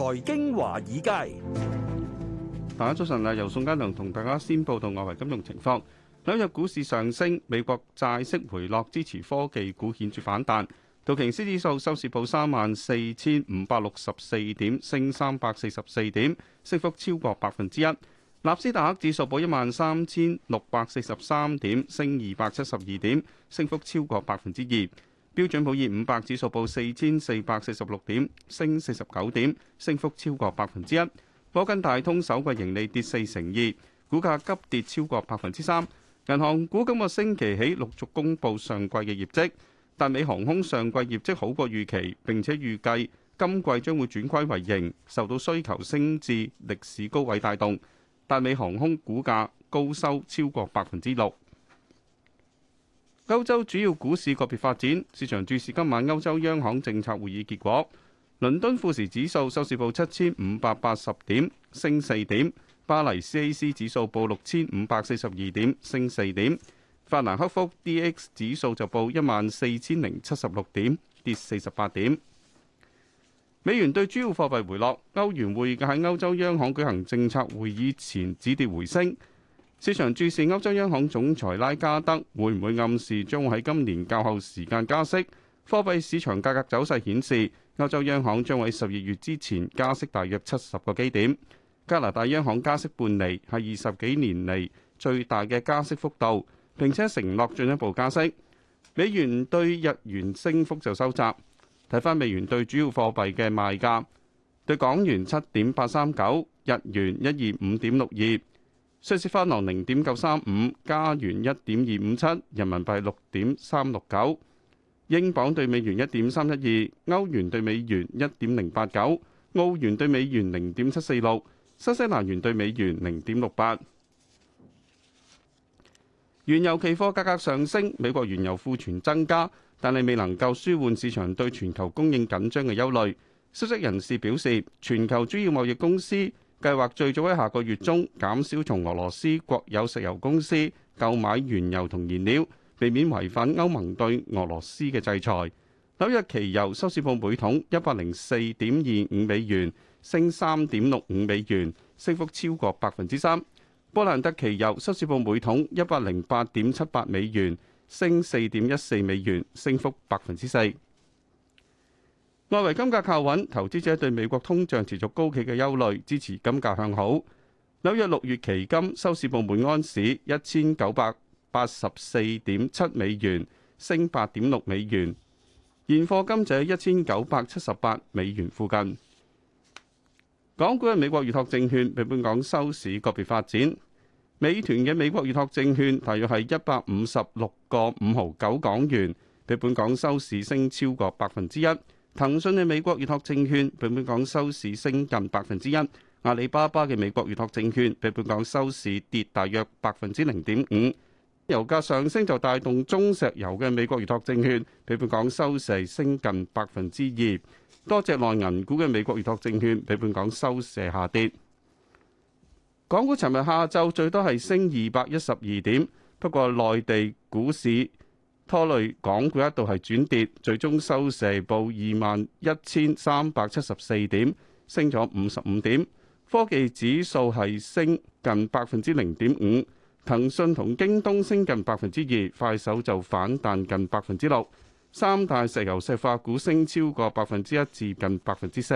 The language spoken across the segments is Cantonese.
財經華爾街，大家早晨啊！由宋嘉良同大家先報道外圍金融情況。兩日股市上升，美國債息回落，支持科技股顯著反彈。道瓊斯指數收市報三萬四千五百六十四點，升三百四十四點，升幅超過百分之一。納斯達克指數報一萬三千六百四十三點，升二百七十二點，升幅超過百分之二。標準普爾五百指數報4446點，升49點，升幅超過百分之一。摩根大通首季盈利跌四成二，股價急跌超過百分之三。銀行股今個星期起陸續公布上季嘅業績，達美航空上季業績好過預期，並且預計今季將會轉虧為盈，受到需求升至歷史高位帶動，達美航空股價高收超過百分之六。歐洲主要股市個別發展，市場注視今晚歐洲央行政策會議結果。倫敦富時指數收市報七千五百八十點，升四點；巴黎 CAC 指數報六千五百四十二點，升四點；法蘭克福 DAX 指數就報一萬四千零七十六點，跌四十八點。美元對主要貨幣回落，歐元匯價喺歐洲央行舉行政策會議前止跌回升。市場注視歐洲央行總裁拉加德會唔會暗示將會喺今年較後時間加息？貨幣市場價格走勢顯示，歐洲央行將會喺十二月之前加息大約七十個基點。加拿大央行加息半厘係二十幾年嚟最大嘅加息幅度，並且承諾進一步加息。美元對日元升幅就收窄。睇返美元對主要貨幣嘅賣價，對港元七點八三九，日元一二五點六二。瑞士法郎零點九三五，加元一點二五七，人民幣六點三六九，英鎊兌美元一點三一二，歐元兌美元一點零八九，澳元兌美元零點七四六，新西蘭元兌美元零點六八。原油期貨價格上升，美國原油庫存增加，但係未能夠舒緩市場對全球供應緊張嘅憂慮。消息人士表示，全球主要貿易公司。計劃最早喺下個月中減少從俄羅斯國有石油公司購買原油同燃料，避免違反歐盟對俄羅斯嘅制裁。紐約期油收市報每桶一百零四點二五美元，升三點六五美元，升幅超過百分之三。布蘭特期油收市報每桶一百零八點七八美元，升四點一四美元，升幅百分之四。外圍金價靠穩，投資者對美國通脹持續高企嘅憂慮支持金價向好。紐約六月期金收市報每安士一千九百八十四點七美元，升八點六美元。現貨金就喺一千九百七十八美元附近。港股嘅美國預託證券比本港收市個別發展。美團嘅美國預託證券大約係一百五十六個五毫九港元，比本港收市升超過百分之一。騰訊嘅美國預託證券比本港收市升近百分之一，阿里巴巴嘅美國預託證券比本港收市跌大約百分之零點五。油價上升就帶動中石油嘅美國預託證券比本港收市升近百分之二，多隻內銀股嘅美國預託證券比本港收市下跌。港股尋日下晝最多係升二百一十二點，不過內地股市。拖累港股一度係轉跌，最終收市報二萬一千三百七十四點，升咗五十五點。科技指數係升近百分之零點五，騰訊同京東升近百分之二，快手就反彈近百分之六。三大石油石化股升超過百分之一至近百分之四。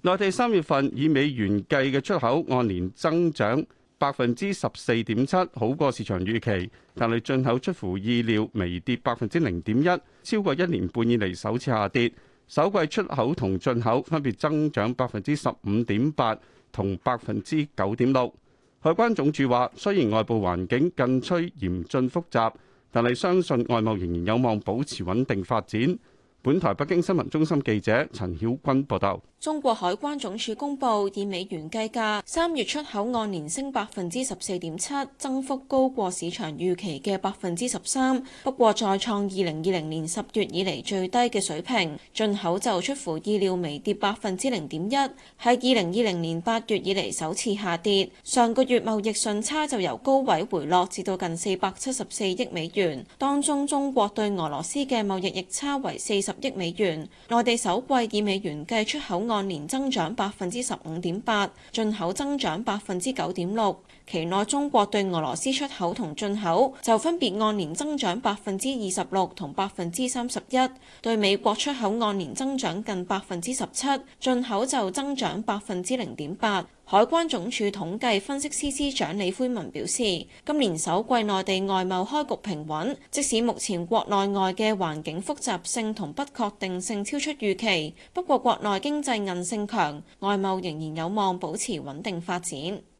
內地三月份以美元計嘅出口按年增長。百分之十四點七，好過市場預期，但係進口出乎意料微跌百分之零點一，超過一年半以嚟首次下跌。首季出口同進口分別增長百分之十五點八同百分之九點六。海關總署話，雖然外部環境更趨嚴峻複雜，但係相信外貿仍然有望保持穩定發展。本台北京新聞中心記者陳曉君報道。中國海關總署公布，以美元計價，三月出口按年升百分之十四點七，增幅高過市場預期嘅百分之十三，不過再創二零二零年十月以嚟最低嘅水平。進口就出乎意料微跌百分之零點一，係二零二零年八月以嚟首次下跌。上個月貿易順差就由高位回落至到近四百七十四億美元，當中中國對俄羅斯嘅貿易逆差為四十億美元。內地首季以美元計出口。按年增長百分之十五點八，進口增長百分之九點六。期內，中國對俄羅斯出口同進口就分別按年增長百分之二十六同百分之三十一；對美國出口按年增長近百分之十七，進口就增長百分之零點八。海關總署統計分析師司長李灰文表示：今年首季內地外貿開局平穩，即使目前國內外嘅環境複雜性同不確定性超出預期，不過國內經濟韌性強，外貿仍然有望保持穩定發展。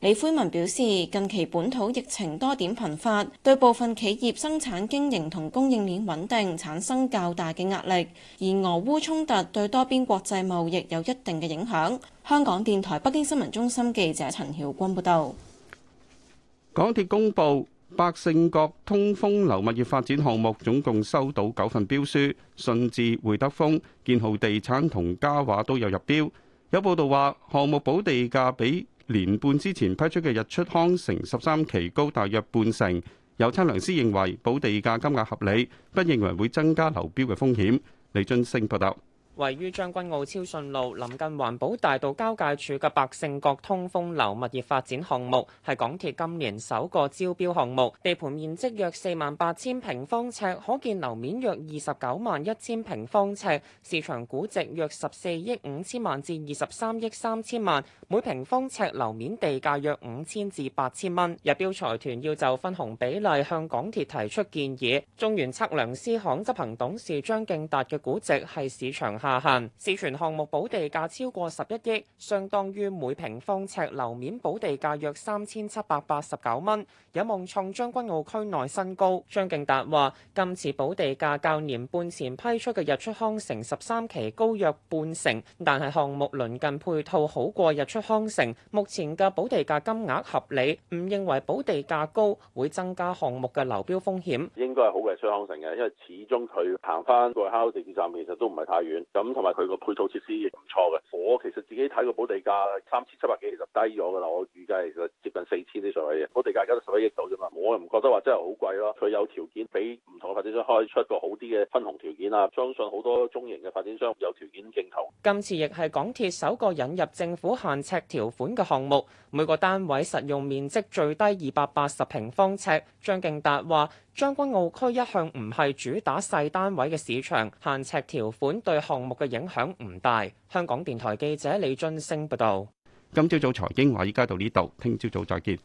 李灰文表示，近期本土疫情多點頻發，對部分企業生產經營同供應鏈穩定產生較大嘅壓力。而俄烏衝突對多邊國際貿易有一定嘅影響。香港電台北京新聞中心記者陳曉君報道。港鐵公布，百勝角通風樓物業發展項目總共收到九份標書，順治、會德豐、建豪地產同嘉華都有入標。有報道話，項目補地價比。年半之前批出嘅日出康城十三期高大約半成，有測量師認為保地價金額合理，不認為會增加流標嘅風險，李俊升報道。位於將軍澳超信路、臨近環保大道交界處嘅百勝角通風樓物業發展項目，係港鐵今年首個招標項目，地盤面積約四萬八千平方尺，可建樓面約二十九萬一千平方尺，市場估值約十四億五千萬至二十三億三千萬，每平方尺樓面地價約五千至八千蚊。入標財團要就分紅比例向港鐵提出建議。中原測量師行執行董事張敬達嘅估值係市場下限，市全項目保地價超過十一億，相當於每平方尺樓面保地價約三千七百八十九蚊，有望創將軍澳區內新高。張敬達話，今次保地價較年半前批出嘅日出康城十三期高約半成，但係項目鄰近配套好過日出康城，目前嘅保地價金額合理，唔認為保地價高會增加項目嘅流標風險。應該係好嘅，出康城嘅，因為始終佢行翻過去香港地鐵站其實都唔係太遠。咁同埋佢個配套設施亦唔錯嘅。我其實自己睇個保地價三千七百幾，其實低咗㗎啦。我預計接近四千啲上位嘅。保地價11而家都十一億到啫嘛，我又唔覺得話真係好貴咯。佢有條件俾唔同嘅發展商開出個好啲嘅分紅條件啊。相信好多中型嘅發展商有條件競投。今次亦係港鐵首個引入政府限尺條款嘅項目，每個單位實用面積最低二百八十平方尺。張敬達話，將軍澳區一向唔係主打細單位嘅市場，限尺條款對項目嘅影響唔大。香港電台記者李進星報道。今朝早,早財經華爾街到呢度，聽朝早,早再見。